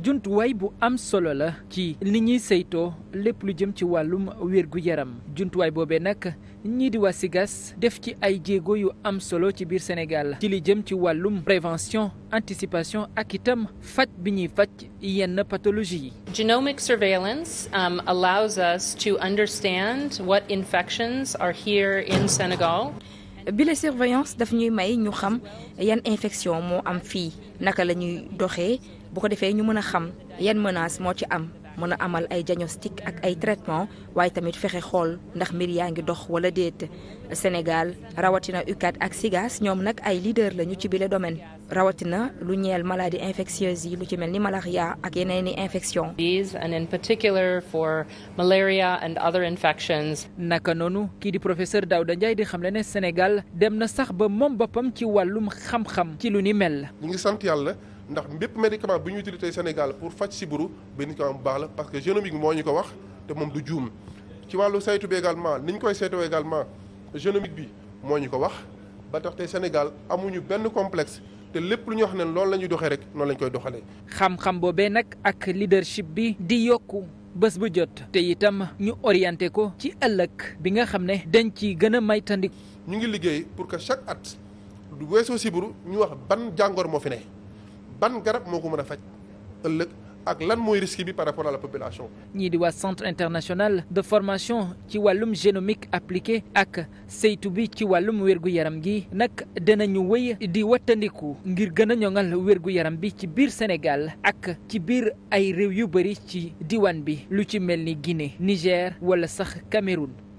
jumtuwaay bu am solo la ci ni ñuy saytoo lépp lu jëm ci wàllum wér-gu-yaram jumtuwaay boobee nag ñii di waa SIGAS def ci ay jéego yu am solo ci biir Sénégal ci li jëm ci wàllum prévention anticipation ak itam faj bi ñuy faj yenn pathologie yi. Genomic surveillance um, allows us to understand what infections are here in Senegal. bi la surveillance daf ñuy may ñu xam yan infection moo am fii naka la ñuy doxee bu ko defee ñu mën a xam yan menace moo ci am mën a amal ay diagnostic ak ay traitement waaye tamit fexe xool ndax mbir yaa ngi dox wala déet Sénégal rawatina UCAD ak SIGAS ñoom nag ay leader lañu ci bile domaine rawatina lu ñeel maladie infections yi lu ci mel ni malaria ak yeneen i infection and in particular for malaria and other infections naka noonu kii di professeur Daouda Ndiaye di xamle ne Sénégal dem na sax ba moom boppam ci wàllum xam-xam ci lu ni mel ñu ngi sant ndax bépp médicament bu ñu utilité Sénégal pour faj sibbiru médicament bu baax la parce que génomique moo ñu ko wax te moom du juum ci wàllu saytu bi également ni ñu koy saytoo également génomique bi moo ñu ko wax ba tax tey Sénégal amuñu benn complexe te lépp lu ñu wax ne loolu la ñuy doxee rek noonu la ñu koy doxalee. xam-xam boobee nag ak leadership bi di yokku bés bu jot te itam ñu orienté ko ci ëllëg bi nga xam ne dañ ci gën a maytandik ñu ngi liggéey pour que chaque at du weesoo sibbiru ñu wax ban jàngoor moo fi ne. ban garab moo ko mën a faj ëllëg ak lan mooy risque bi par rapport à la population. ñii di waa centre international de formation ci wàllum génomique appliquée ak saytu bi ci wàllum wérgu yaram gi nag dinañu wéy di wattandiku ngir gën a ñoŋal wérgu yaram bi ci biir Sénégal ak ci biir ay réew yu bëri ci diwaan bi lu ci mel ni Guinée Niger wala sax Cameroun.